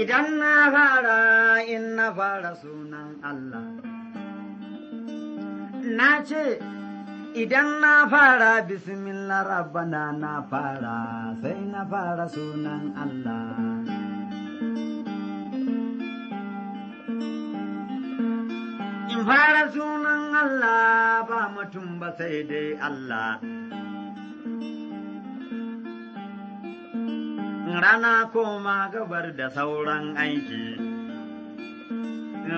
idan na fara in na fara sunan Allah. Na ce, idan na fara bismillah rabbana na fara sai na fara sunan Allah. In fara sunan Allah ba mutum ba sai dai Allah. rana koma gabar da sauran aiki.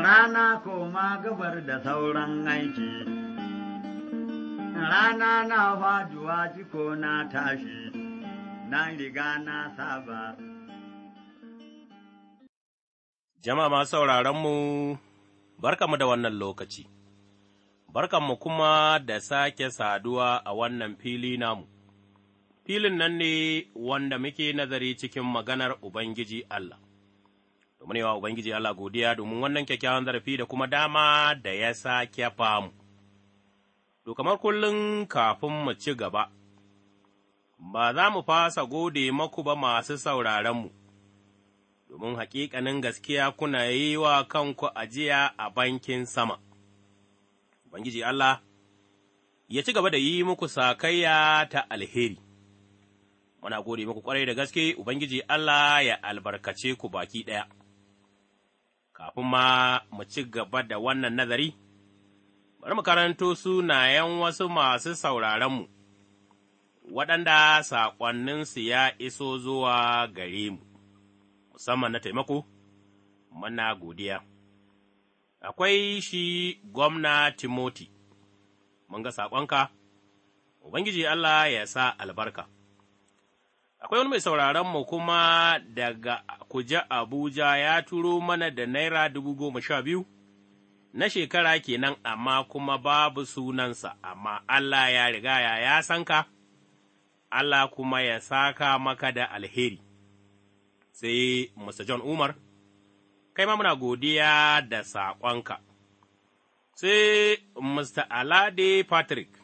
Rana koma gabar da sauran aiki. Rana na faduwa jiko na tashi, na riga na saba. Jama'a sauraron sauraronmu, barkamu da wannan lokaci, barkanmu kuma da sake saduwa a wannan fili namu. filin nan ne wanda muke nazari cikin maganar Ubangiji Allah. Domin yawa Ubangiji Allah godiya domin wannan kyakkyawan zarafi da kuma dama da ya sake famu. To, kamar kullum kafin mu ci gaba, ba za mu fasa gode maku ba masu sauraronmu, domin haƙiƙanin gaskiya kuna yi wa kanku ajiya a bankin sama. Ubangiji Allah ya ci gaba da yi muku sakayya ta alheri. muna gode muku kwarai da gaske Ubangiji Allah ya albarkace ku baki ɗaya. Kafin ma mu ci gaba da wannan nazari, bari mu karanto sunayen wasu masu sauraronmu, waɗanda saƙonninsu ya iso zuwa gare mu, musamman na taimako, muna godiya. Akwai shi gwamna Timoti, mun ga saƙonka, Ubangiji Allah ya sa albarka. Akwai wani mai sauraron mu kuma daga kuja Abuja ya turo mana da Naira dubu goma sha biyu na shekara kenan amma kuma babu sunansa, amma Allah ya riga ya ya san Allah kuma ya saka maka da alheri. Sai Mr. John Umar, kai ma muna godiya da saƙonka. Sai Mr. Alade Patrick,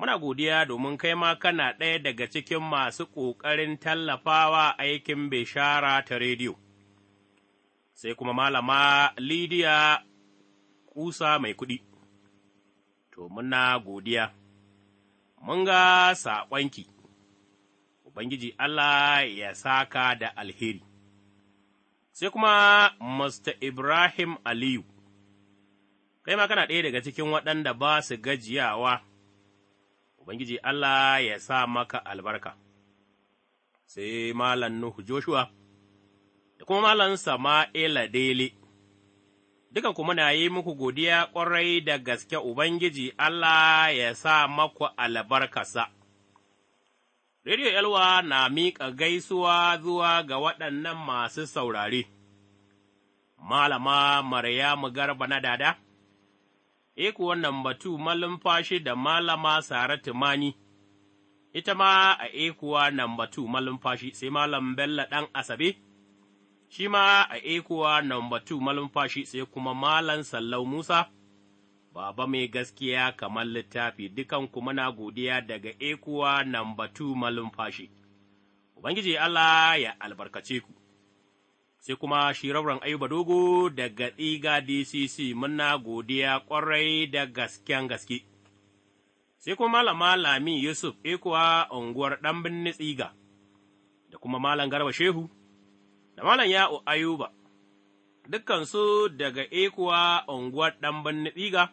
muna godiya domin kai ma kana ɗaya daga cikin masu ƙoƙarin tallafawa aikin bishara ta rediyo. Sai kuma malama Lidiya Kusa mai kuɗi, to muna godiya, mun ga saƙonki, Ubangiji Allah ya saka da alheri. Sai kuma Mr. Ibrahim Aliyu, kai ma kana ɗaya daga cikin waɗanda ba su gajiyawa. Ubangiji Allah ya sa maka albarka. Sai Malam Nuhu Joshua da kuma Malam Sama'ila Dele, duka kuma na yi muku godiya ƙwarai da gaske Ubangiji Allah ya sa maku albarkasa. Rediyo Yalwa na miƙa gaisuwa zuwa ga waɗannan masu saurare, Malama Maryamu Garba na Dada. Eku eh wannan batu malumfashi da malama Saratu tumani ita ma a ekuwa eh nan batu malumfashi sai malam Bello ɗan Asabe, shi ma a ekuwa eh nan batu malumfashi sai kuma malam Sallau Musa, Baba mai gaskiya kamar littafi dukan kuma na godiya daga ekuwa nan batu malumfashi. Ubangiji Allah ya albarkace ku. sai kuma shi rauren Ayuba Dogo daga Tsiga DCC muna godiya ƙwarai da gasken gaske. Sai kuma Malama Lami Yusuf ikuwa unguwar ɗan birni Tsiga, da kuma Malam Garba Shehu, da Malam Ya'u Ayuba, dukansu daga ikuwa unguwar ɗan birni Tsiga,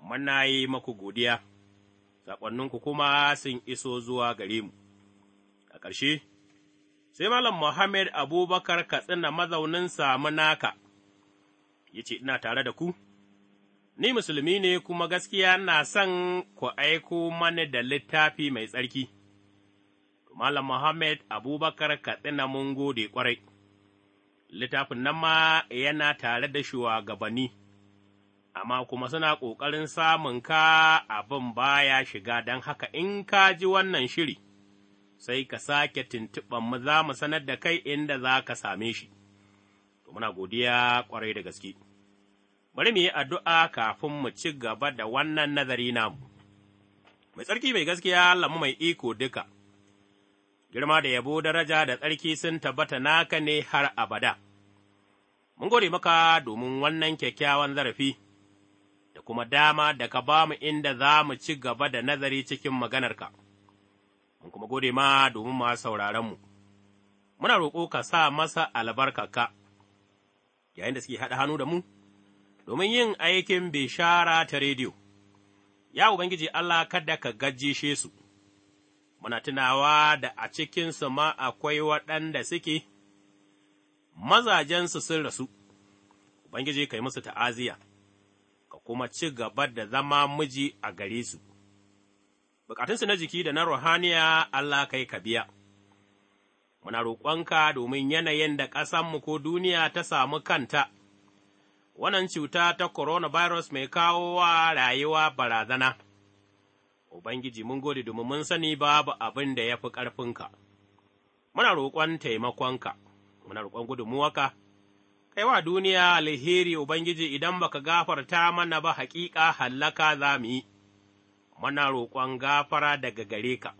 muna yi maku godiya, saƙonninku kuma sun iso zuwa gare mu. A ƙarshe, sai Malam Muhammad Abubakar Katsina mazaunin Samunaka, ya ce, Ina tare da ku, ni musulmi ne kuma gaskiya na son ku aiko mani da littafi mai tsarki. Malam Muhammad Abubakar Katsina mun gode ƙwarai, littafin nan ma yana tare da shugabanni, amma kuma suna ƙoƙarin samun ka abin baya shiga don haka in ka ji wannan shiri. sai ka sake tuntuɓan mu za mu sanar da kai inda za ka same shi. To muna godiya ƙwarai da gaske. Bari mu yi addu'a kafin mu ci gaba da wannan nazari namu. Mai tsarki mai gaskiya lamu mai iko duka, girma da yabo daraja da tsarki sun tabbata naka ne har abada. Mun gode maka domin wannan kyakkyawan zarafi. da kuma dama da ka ba mu inda za mu ci gaba da nazari cikin maganarka. mun kuma gode ma domin sauraron sauraronmu. Muna roƙo ka sa masa albarka ka yayin da suke haɗa hannu da mu, domin yin aikin bishara ta rediyo. Ya Ubangiji Allah kada ka gajishe su, muna tunawa da a cikinsu ma akwai waɗanda suke, mazajensu sun rasu, Ubangiji ka yi musu ta'aziya, ka kuma ci gaba da zama miji a gare su. bukatunsu na jiki da na ruhaniya Allah kai ka biya. Muna roƙonka domin yanayin da ƙasanmu ko duniya ta samu kanta, wannan cuta ta coronavirus mai kawo wa rayuwa barazana. Ubangiji mun gode domin mun sani babu abin da ya fi ƙarfinka, muna roƙon taimakonka, muna roƙon gudunmuwaka. kai wa duniya alheri Ubangiji idan baka gafarta mana ba haƙiƙa hallaka za mu yi, muna roƙon gafara daga gare ka,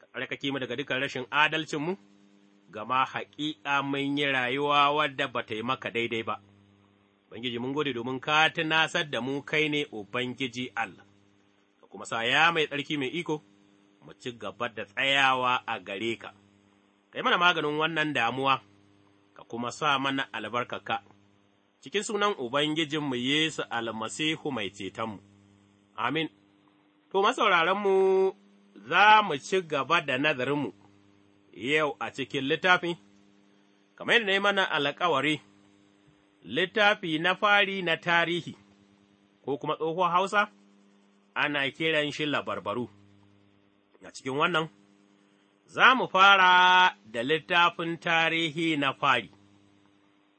ka tsarkake mu daga dukkan rashin adalcinmu, gama haƙiƙa mun yi rayuwa wadda ba ta yi maka daidai ba. Ubangiji mun gode domin ka tunasar da mu kai ne Ubangiji Allah, ka kuma sa ya mai tsarki mai iko, mu ci gaba da tsayawa a gare ka, ka yi mana maganin wannan damuwa, ka kuma sa mana albarkaka, cikin sunan Ubangijinmu Yesu almasihu mai cetonmu. Amin. To, masauraranmu za mu ci gaba da nazarinmu yau a cikin littafi, kamar yadda mana alkawari, littafi na fari na tarihi, ko kuma tsohon Hausa, ana kiran shi labarbaru. A cikin wannan, za mu fara da littafin tarihi na fari,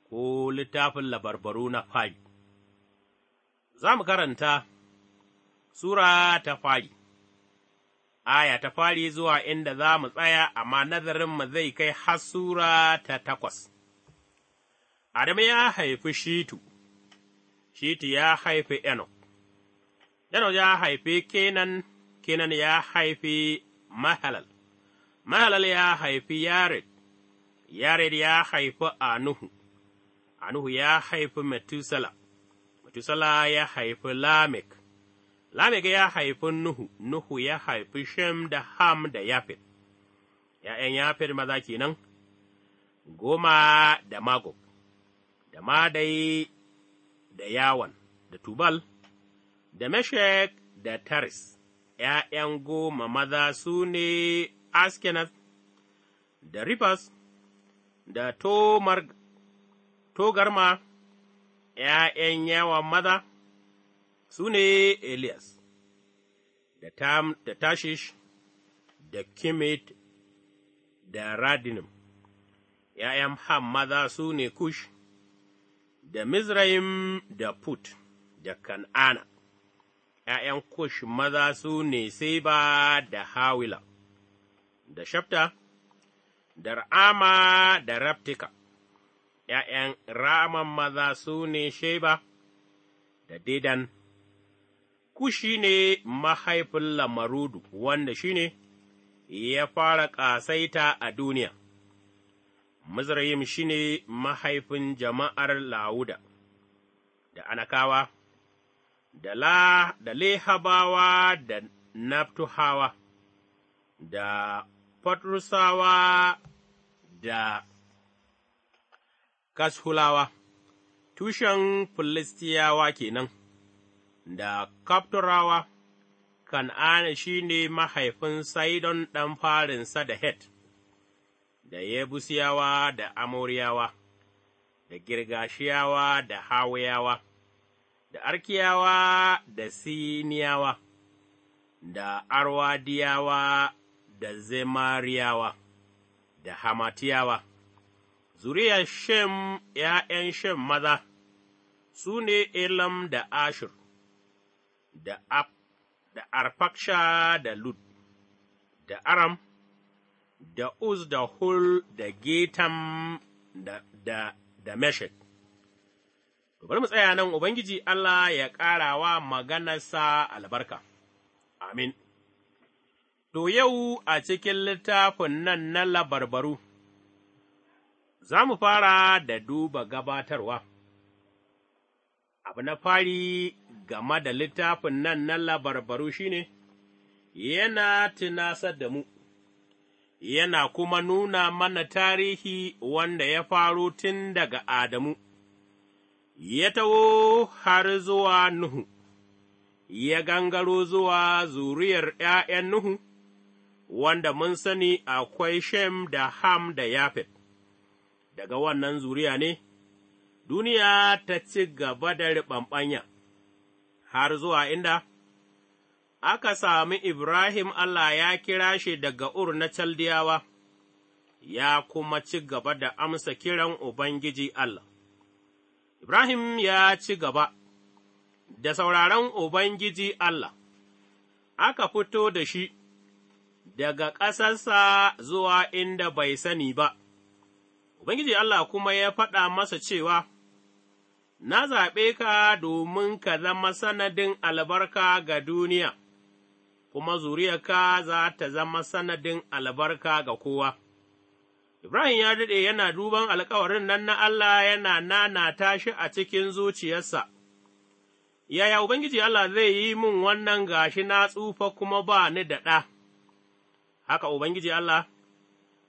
ko littafin labarbaru na fari. Za mu karanta. Sura ta fari Aya ta fari zuwa inda za mu tsaya, amma nazarinmu zai kai har Sura ta takwas. Adamu ya haifi Shitu, Shitu ya haifi Enoch, Enoch ya haifi Kenan, Kenan ya haifi Mahalal, Mahalal ya haifi Yared, Yared ya haifi Anuhu, Anuhu ya haifi Metusala, Metusala ya haifi Lamek, Lamega ya haifi Nuhu, Nuhu ya haifi Shem da Ham da Yafet, ’ya'yan Yafet maza kenan, goma da Magog, da Madai da Yawan, da Tubal, da Meshek da Taris, ’ya'yan goma maza su ne Askenath, da Ribas, da Togarma, ’ya'yan yawan maza. su ne Elias, da, tam, da Tashish, da kimit, da Radinim, ’ya'yan Ham maza su ne Kush, da Mizraim, da Put, da Kan'ana, ’ya'yan Kush maza su ne Seba da Hawila, da Shafta, da Ra'ama, da Raftika. ’ya'yan Raman maza su ne Sheba da Dedan kushi ne mahaifin lamarudu, wanda shi ne ya fara ƙasaita a duniya. Mizrayim shi ne mahaifin jama'ar Lauda, da Anakawa, da, la, da Lehabawa da Naftuhawa, da Fatrusawa da Kashulawa, tushen Filistiyawa kenan. da Kaftorawa, Kan'ana shi ne mahaifin Saidon ɗan farinsa da Het, da Yebusiyawa da Amoriyawa, da Girgashiyawa da Hawayawa, da Arkiyawa da Siniyawa, da Arwadiyawa da Zemariyawa, da Hamatiyawa. Zuriya Shem ’ya'yan Shem maza, su ne Elam da Ashur. da Ab, da Arfaksha da Lut, da Aram, da Uz da Hul da Getam da, da, da Meshek. bari mu tsaya nan Ubangiji Allah ya ƙara wa maganarsa albarka. Amin. To yau a cikin littafin nan na labarbaru, za mu fara da duba gabatarwa. Abu na fari game da littafin nan na labarbaru shi ne, yana tunasar da mu, yana kuma nuna mana tarihi wanda ya faru tun daga Adamu, ya taho har zuwa Nuhu, ya gangaro zuwa zuriyar ’ya'yan Nuhu, wanda mun sani akwai Shem da Ham da Yafet, daga wannan zuriya ne, duniya ta ci gaba da riɓanɓanya. har zuwa inda aka sami Ibrahim Allah ya kira shi daga Ur na Chaldiyawa, ya kuma ci gaba da amsa kiran Ubangiji Allah. Ibrahim ya ci gaba da sauraron Ubangiji Allah, aka fito da shi daga ƙasarsa zuwa inda bai sani ba, Ubangiji Allah kuma ya faɗa masa cewa, na zaɓe ka domin ka zama sanadin albarka ga duniya, kuma zuriyarka za ta zama sanadin albarka ga kowa. Ibrahim ya daɗe yana duban alkawarin nan na Allah yana ta shi a cikin zuciyarsa, yaya Ubangiji Allah zai yi min wannan gashi na tsufa kuma ba ni da ɗa, haka Ubangiji Allah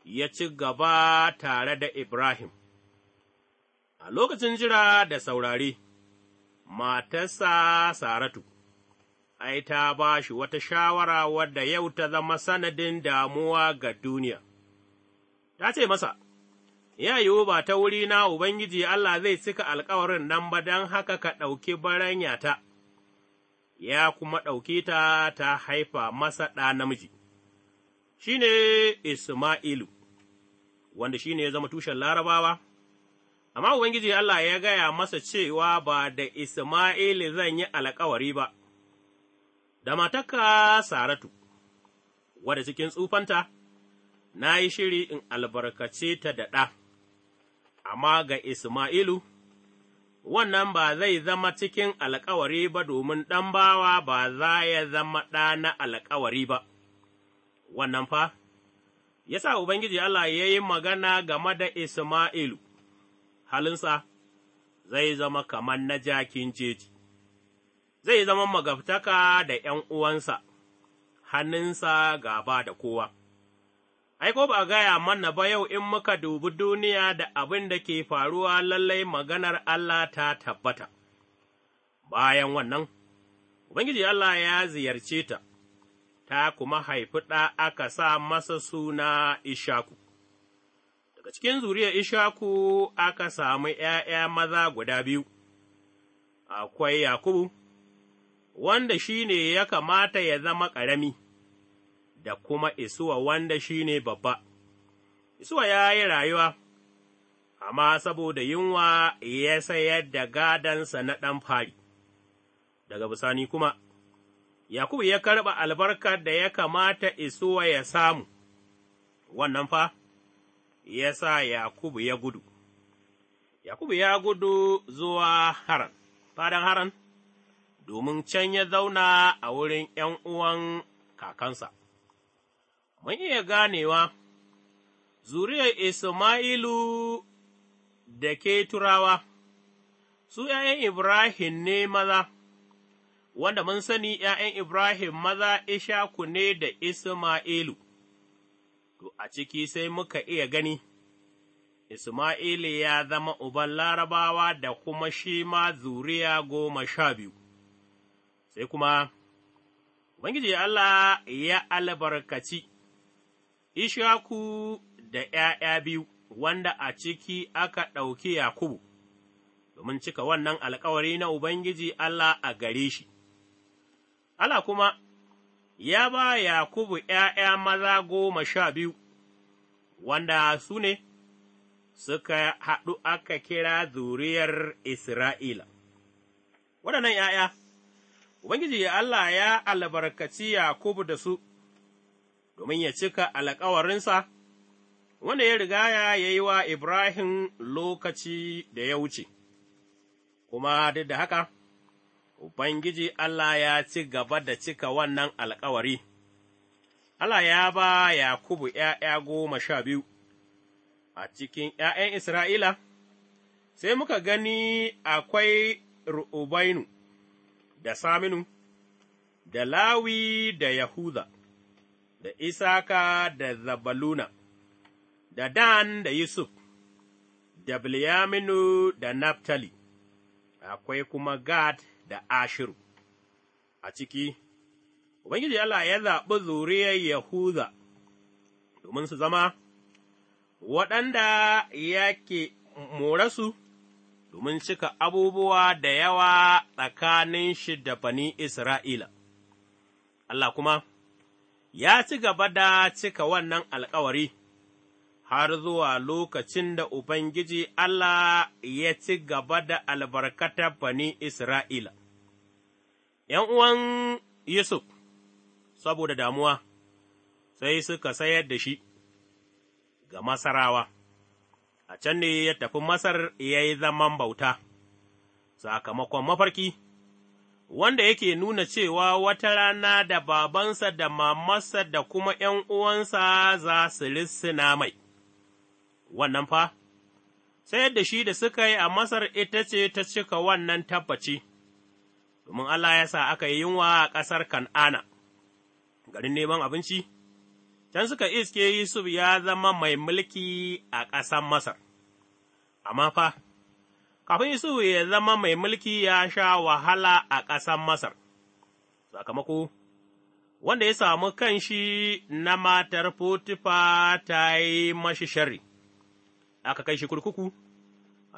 ya ci gaba tare da Ibrahim. a lokacin jira da saurare, matarsa Saratu, ai, ta ba shi wata shawara wadda yau ta zama sanadin damuwa ga duniya, ta ce masa, Ya yiwu ba ta wuri na Ubangiji Allah zai cika alkawarin nan ba don haka ka ɗauki baranyata, ya kuma ɗauki ta ta haifa masa ɗa namiji, shi ne Isma'ilu, wanda shi ne ya zama tushen larabawa. amma Ubangiji Allah ya gaya masa cewa ba da Isma'il zan yi alkawari ba, da mataka Saratu, wadda cikin tsufanta, na yi shiri in albarkace ta da ɗa, amma ga Isma'ilu, wannan ba zai zama cikin alkawari ba domin ɗan bawa ba za ya zama ɗa na alkawari ba, wannan fa, ya sa Ubangiji Allah ya yi magana game da Isma'ilu. halinsa zai zama kamar na jakin jeji, zai zama magaftaka da ’yan uwansa, hannunsa gaba da kowa. Ai, ko ba gaya mana ba yau in muka dubi duniya da abin da ke faruwa lallai maganar Allah ta tabbata. Bayan wannan, Ubangiji Allah ya ziyarce ta, ta kuma haifi ɗa aka sa masa suna Ishaku. Daga cikin zuriyar Ishaku aka samu ’ya'ya maza guda biyu, akwai Yakubu, wanda shi ne ya kamata ya zama ƙarami, da kuma Isuwa wanda shi ne babba. Isuwa ya yi rayuwa, amma saboda yunwa ya sayar da gadansa na ɗan fari, daga bisani kuma, Yakubu ya karɓa albarkar da ya kamata Isuwa ya samu, wannan fa. ya sa Yakubu ya gudu. Yakubu ya gudu zuwa Haran, fadan Haran, domin can ya zauna a wurin ’yan uwan kakansa. Mun iya ganewa, zuriyar Isma'ilu da ke turawa, su ’ya'yan Ibrahim ne maza. wanda mun sani ’ya'yan Ibrahim maza Ishaku ne da Isma'ilu, to a ciki sai muka iya gani, Isma'ila ya zama uban larabawa da kuma shi ma zuriya goma sha biyu, sai kuma, Ubangiji Allah ya albarkaci, Ishaku da ’ya'ya biyu, wanda a ciki aka ɗauki Yakubu, domin cika wannan alkawari na Ubangiji Allah a gare shi. Allah kuma ya ba Yakubu ’ya'ya maza goma sha biyu, wanda su ne suka haɗu aka kira zuriyar Isra'ila. Waɗannan ’ya'ya, Ubangiji Allah ya albarkaci Yakubu da su, domin ya cika alkawarinsa, wanda ya rigaya ya yi wa Ibrahim lokaci da ya wuce, kuma duk da haka, Ubangiji Allah ya ci gaba da cika wannan alkawari, Allah ya ba Yakubu ’ya'ya goma sha biyu a cikin ’ya'yan Isra'ila, sai muka gani akwai Ru'ubainu da Saminu, da Lawi da Yahuda, da Isaka da Zabaluna, da Dan da Yusuf, da Bilyaminu da Naftali, akwai kuma Gad. da Ashiru. A ciki, Ubangiji Allah ya zaɓi zuriyar Yahuza domin su zama waɗanda yake su domin cika abubuwa da yawa tsakanin shi da bani Isra'ila. Allah kuma ya ci gaba da cika wannan alkawari. har zuwa lokacin da Ubangiji Allah ya ci gaba da albarkatar bani Isra'ila. ’Yan uwan Yusuf, saboda damuwa, sai suka sayar da shi ga Masarawa, a can ne ya tafi Masar ya yi zaman bauta, sakamakon mafarki, wanda yake nuna cewa wata rana da babansa da mamansa da kuma ’yan uwansa za su lissina mai. wannan fa, sai yadda shi da suka yi a Masar ita ce ta cika wannan tabbaci, domin Allah ya sa aka yi yunwa a ƙasar Kan'ana, garin neman abinci, can suka iske Yusuf ya zama mai mulki a ƙasar Masar, amma fa, kafin Yusuf ya zama mai mulki ya sha wahala a ƙasar Masar, sakamako. wanda ya samu kanshi na matar Fotifa ta yi mashi shari, aka kai shi kurkuku,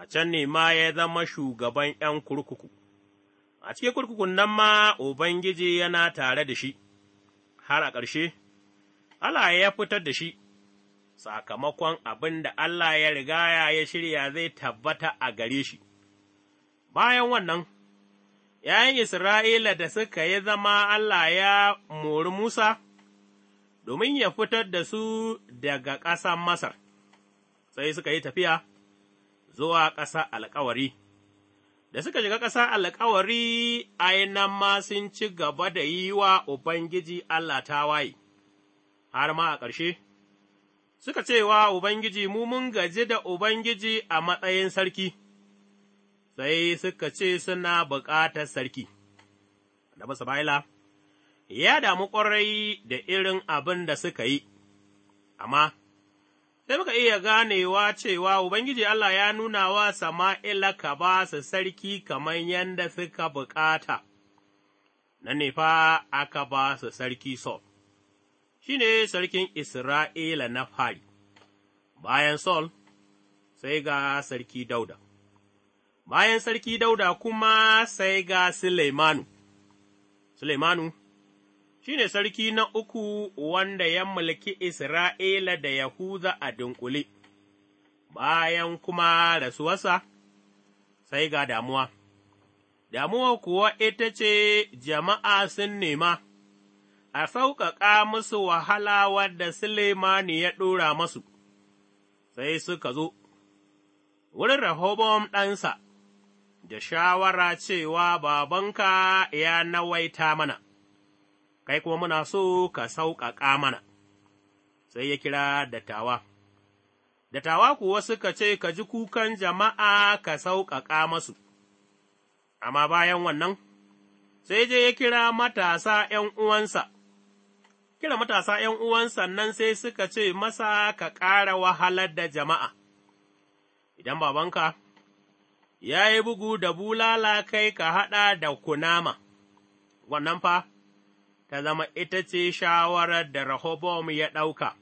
a can ne ma ya zama shugaban ’yan kurkuku, a cikin kurkukun nan ma Ubangiji yana tare da shi, har a ƙarshe, Allah ya fitar da shi, sakamakon abin da Allah ya riga ya shirya zai tabbata a gare shi. Bayan wannan, ’ya'yan Isra'ila da suka yi zama Allah ya mori Musa, domin ya fitar da su daga ƙasar Masar. sai suka yi tafiya zuwa ƙasa alkawari. Da suka shiga ƙasa alkawari, ainan ma sun ci gaba da yi wa Ubangiji Allah tawaye, har ma a ƙarshe, suka ce wa Ubangiji mu mun gaji da Ubangiji a matsayin sarki, sai suka ce suna buƙatar sarki. Da Sama'ila ya damu ƙwarai da irin abin da suka yi, amma sai muka iya ganewa cewa Ubangiji Allah ya nuna wa Sama'ila ka ba su sarki kamar yadda suka bukata, na nefa aka ba su sarki Sol, shi ne sarkin Isra'ila na fari, bayan Sol sai ga sarki Dauda, bayan sarki Dauda kuma sai ga Suleimanu, Suleimanu shi ne sarki na uku wanda ya mulki Isra'ila da yahuza a dunkule, bayan kuma rasuwarsa, sai ga damuwa. Damuwa kuwa ita ce jama'a sun nema, a sauƙaƙa musu wahala wadda Sulemani ya ɗora masu, sai suka zo, wurin Rahobom ɗansa, da shawara cewa babanka ya nawaita mana. kai kuma muna so ka sauƙaƙa mana, sai ya kira dattawa. Dattawa kuwa suka ce, Ka ji kukan jama'a ka sauƙaƙa masu, amma bayan wannan, sai je ya kira matasa ’yan uwansa, kira matasa ’yan uwansa nan sai suka ce masa ka ƙara wahalar da jama'a, idan babanka ya yi bugu da bulala kai ka haɗa da kunama, wannan fa. ta zama ita ce shawarar da Rahobom ya ɗauka.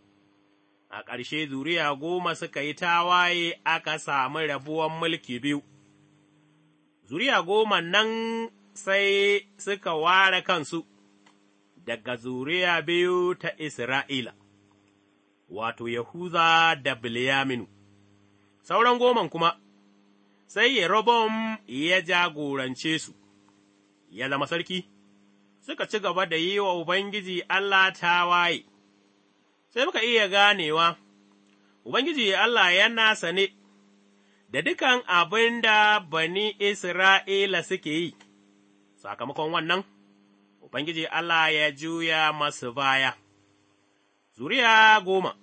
A ƙarshe zuriya goma suka yi tawaye aka samu rabuwan mulki biyu. Zuriya goma nan sai suka ware kansu daga zuriya biyu ta Isra'ila, wato Yahuza da Bilyaminu. Sauran goman kuma, sai Yerobom ya jagorance su, ya zama sarki. suka ci gaba da yi wa Ubangiji Allah ta waye. sai muka iya ganewa, Ubangiji Allah yana sane da dukan abin da bani Isra'ila suke yi, sakamakon wannan, Ubangiji Allah ya juya masu baya. Zuriya goma,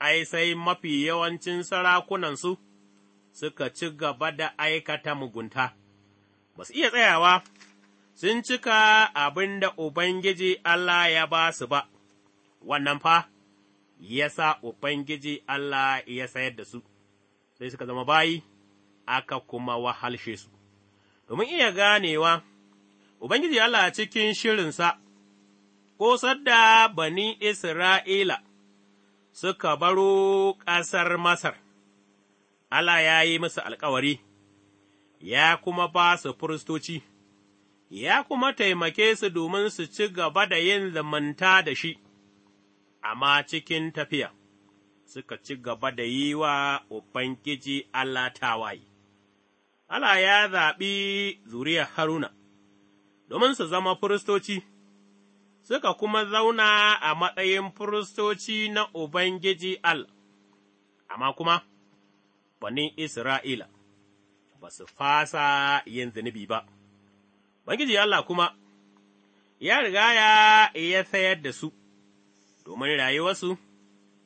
ai, sai mafi yawancin sarakunansu suka ci gaba da aikata mugunta, ba su iya tsayawa. sun cika abin da Ubangiji Allah ya ba su ba, wannan fa, ya sa Ubangiji Allah ya sayar da su, sai suka zama bayi, aka kuma wahalshe su. Domin iya ganewa, Ubangiji Allah cikin shirinsa, ƙosar da bani Isra'ila suka baro ƙasar Masar, Allah ya yi musu alkawari, ya kuma ba su firistoci. ya kuma taimake su domin su ci gaba da yin zamanta da shi, amma cikin tafiya suka ci gaba da yi wa Ubangiji Allah tawaye. Allah ya zaɓi Zuriya Haruna, domin su zama firistoci, suka kuma zauna a matsayin firistoci na Ubangiji Allah, amma kuma, banin Isra'ila ba su fasa yin zunubi ba. Ubangiji Allah kuma ya riga ya iya sayar da su, domin rayuwarsu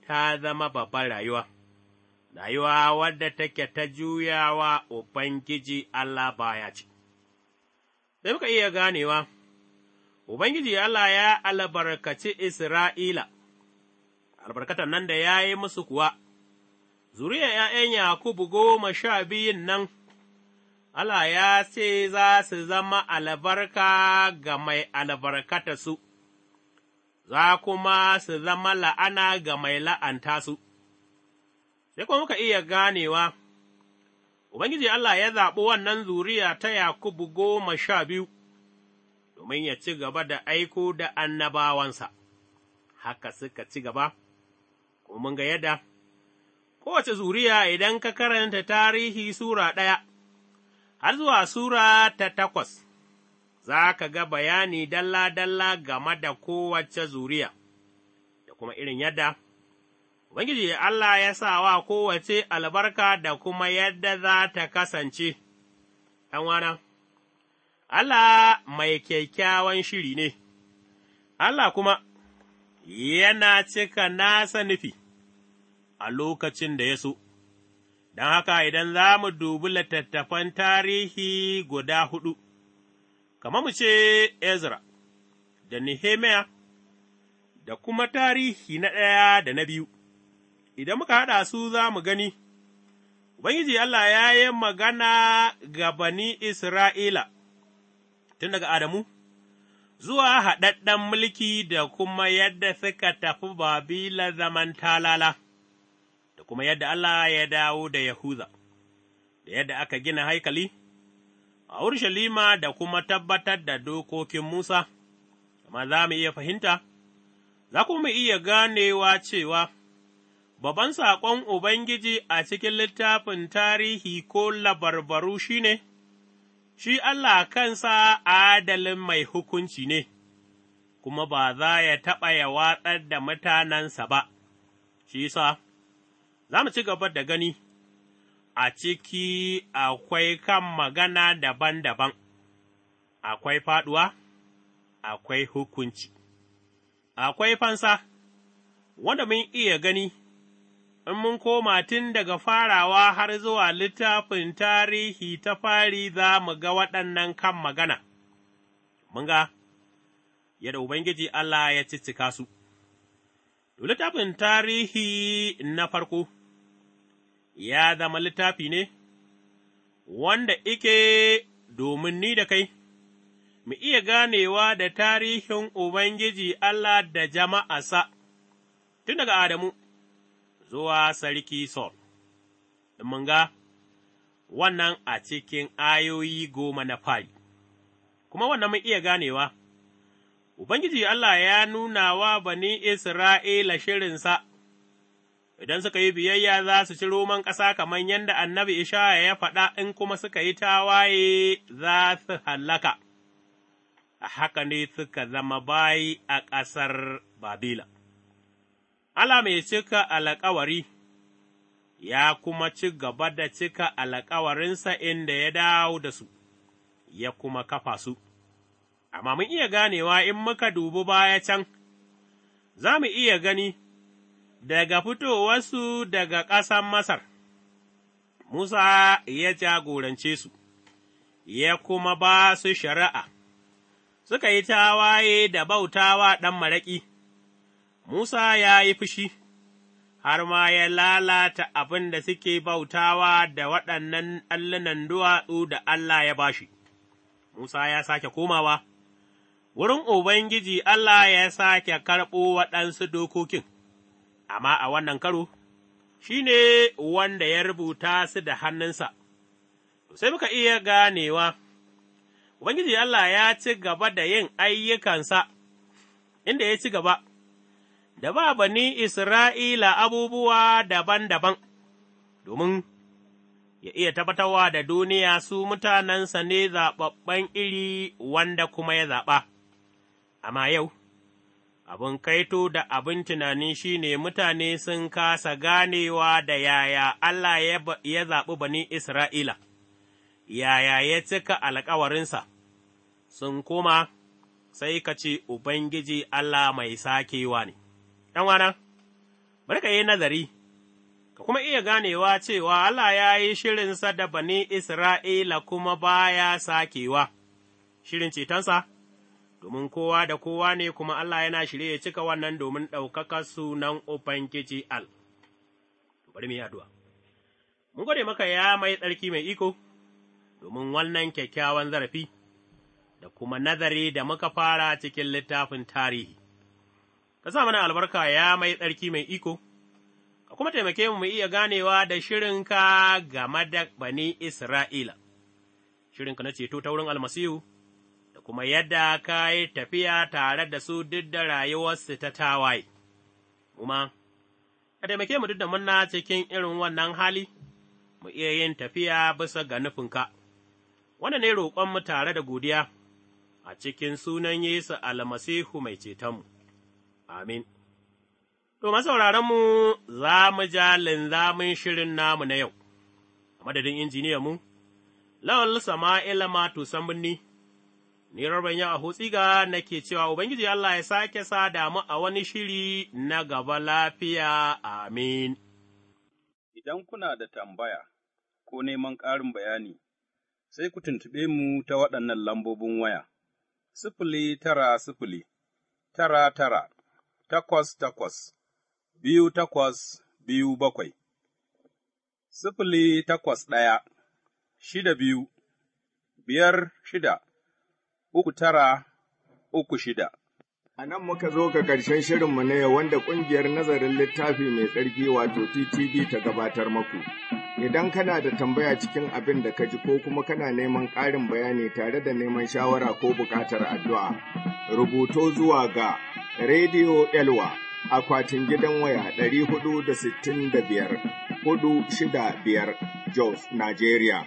ta zama babban rayuwa, rayuwa wadda take ta juyawa Ubangiji Allah baya ce. Sai muka iya ganewa, Ubangiji Allah ya albarkaci Isra'ila, albarkatan nan da ya yi musu kuwa, zuriya ’ya'yan Yakubu goma sha biyun nan. Allah ya ce za su zama albarka ga mai albarkata su, za kuma su zama la'ana ga mai la'anta su, sai kuma muka iya ganewa, Ubangiji Allah ya zaɓi wannan zuriya ta Yakubu goma sha biyu, domin ya ci gaba da aiko da annabawansa, haka suka ci gaba, kuma mun ga yadda, kowace zuriya idan ka karanta tarihi Sura ɗaya. har zuwa Sura ta takwas, za ka ga bayani dalla-dalla game da kowace zuriya, da kuma irin yadda, Ubangiji Allah ya sa wa kowace albarka da kuma yadda za ta kasance, Ɗanwana, Allah mai kyakkyawan shiri ne, Allah kuma yana cika nasa nufi a lokacin da ya so. don haka idan za mu dubi littattafan tarihi guda huɗu, kama mu ce Ezra, da Nehemiah, da kuma tarihi na ɗaya da na biyu, idan muka haɗa su za mu gani, Ubangiji Allah ya yi magana ga bani Isra'ila, tun daga Adamu, zuwa haɗaɗɗen mulki da kuma yadda suka tafi Babila zaman talala. da kuma yadda Allah ya dawo da Yahuza, da yadda aka gina haikali, a Urushalima da kuma tabbatar da dokokin Musa, amma za mu iya fahimta, za kuma iya ganewa cewa babban saƙon Ubangiji a cikin littafin tarihi ko labarbaru shi ne, shi Allah kansa adalin mai hukunci ne, kuma ba za ya taɓa ya watsar da mutanensa ba, shi sa. za mu ci gaba da gani, a ciki akwai kan magana daban-daban, akwai faɗuwa, akwai hukunci, akwai fansa, wanda mun iya gani, in mun koma tun daga farawa har zuwa littafin tarihi ta fari za mu ga waɗannan kan magana, mun ga yadda Ubangiji Allah ya ciccika su. Littafin tarihi na farko. ya zama littafi ne, wanda ike domin ni da kai, mu iya ganewa da tarihin Ubangiji Allah da jama'asa, tun daga Adamu zuwa Sarki Sol, mun ga wannan a cikin ayoyi goma na fari, kuma wannan mu iya ganewa. Ubangiji Allah ya nuna wa bani Isra'ila shirinsa idan suka yi biyayya za su ci roman ƙasa kamar yadda annabi Ishaya ya faɗa in kuma suka yi tawaye za su hallaka. Haka ne suka zama bayi a ƙasar Babila. Allah mai cika alkawari ya kuma ci gaba da cika alkawarinsa inda ya dawo da su, ya kuma kafa su, amma mun iya ganewa in muka dubi baya can, za mu iya gani daga fitowarsu daga ƙasar Masar, Musa ya jagorance su, ya kuma ba su shari'a, suka yi tawaye da bautawa ɗan maraƙi, Musa ya yi fushi, har ma ya lalata abin da suke bautawa da waɗannan allunan duwatsu da Allah ya bashi. Musa ya sake komawa, wurin Ubangiji Allah ya sake karɓo waɗansu dokokin. amma a wannan karo, shi ne wanda ya rubuta su da hannunsa, sai muka iya ganewa, Ubangiji Allah ya ci gaba da yin ayyukansa, inda ya ci gaba, da ba bani Isra'ila abubuwa daban-daban, domin ya iya tabbatarwa da duniya su mutanensa ne zaɓaɓɓen iri wanda kuma ya zaɓa, amma yau. Abin kaito da abin tunani shi ne mutane sun kasa ganewa da yaya Allah ya zaɓi bani Isra'ila, yaya ya cika alkawarinsa, sun kuma, sai ka ce Ubangiji Allah mai sakewa ne. ’Yan'wana, bari ka yi nazari, ka kuma iya ganewa cewa Allah ya yi shirinsa da bani Isra'ila kuma baya sakewa, shirin cetonsa. domin kowa da kowa ne kuma Allah yana shirye ya cika wannan domin ɗaukaka sunan Ubangiji Al. Bari mu yi addu'a. Mun gode maka ya mai tsarki mai iko, domin wannan kyakkyawan zarafi da kuma nazari da muka fara cikin littafin tarihi. Ka sa mana albarka ya mai tsarki mai iko, ka kuma taimake mu iya ganewa da shirinka game da bani Isra'ila, shirinka na ceto ta wurin almasihu. kuma yadda ka yi tafiya tare da su duk da rayuwarsu ta tawaye. Kuma, ka taimake mu duk da muna cikin irin wannan hali, mu iya yin tafiya bisa ga nufinka, wanda ne roƙonmu tare da godiya a cikin sunan Yesu almasihu mai cetonmu. Amin. To, masauraranmu za mu ja linzamin shirin namu na yau, a madadin injiniyanmu, Lawal Sama'ila Matu birni. ni rabin ya hutsiga nake cewa Ubangiji Allah ya sake sa damu a wani shiri na gaba lafiya, amin. Idan kuna da tambaya ko neman ƙarin bayani, sai ku tuntuɓe mu ta waɗannan lambobin waya, sifili tara sifili, tara tara, takwas takwas, biyu takwas biyu bakwai, sifili takwas ɗaya, shida biyu, biyar shida. uku tara uku shida. A nan muka zo ga ƙarshen shirinmu ne wanda ƙungiyar nazarin littafi mai tsarki wato TTV ta gabatar maku. Idan kana da tambaya cikin abin da ka ji ko kuma kana neman ƙarin bayani tare da neman shawara ko buƙatar addu'a, rubuto zuwa ga Radio Elwa akwatin gidan waya hudu hudu da da sittin biyar shida biyar Jos, Najeriya.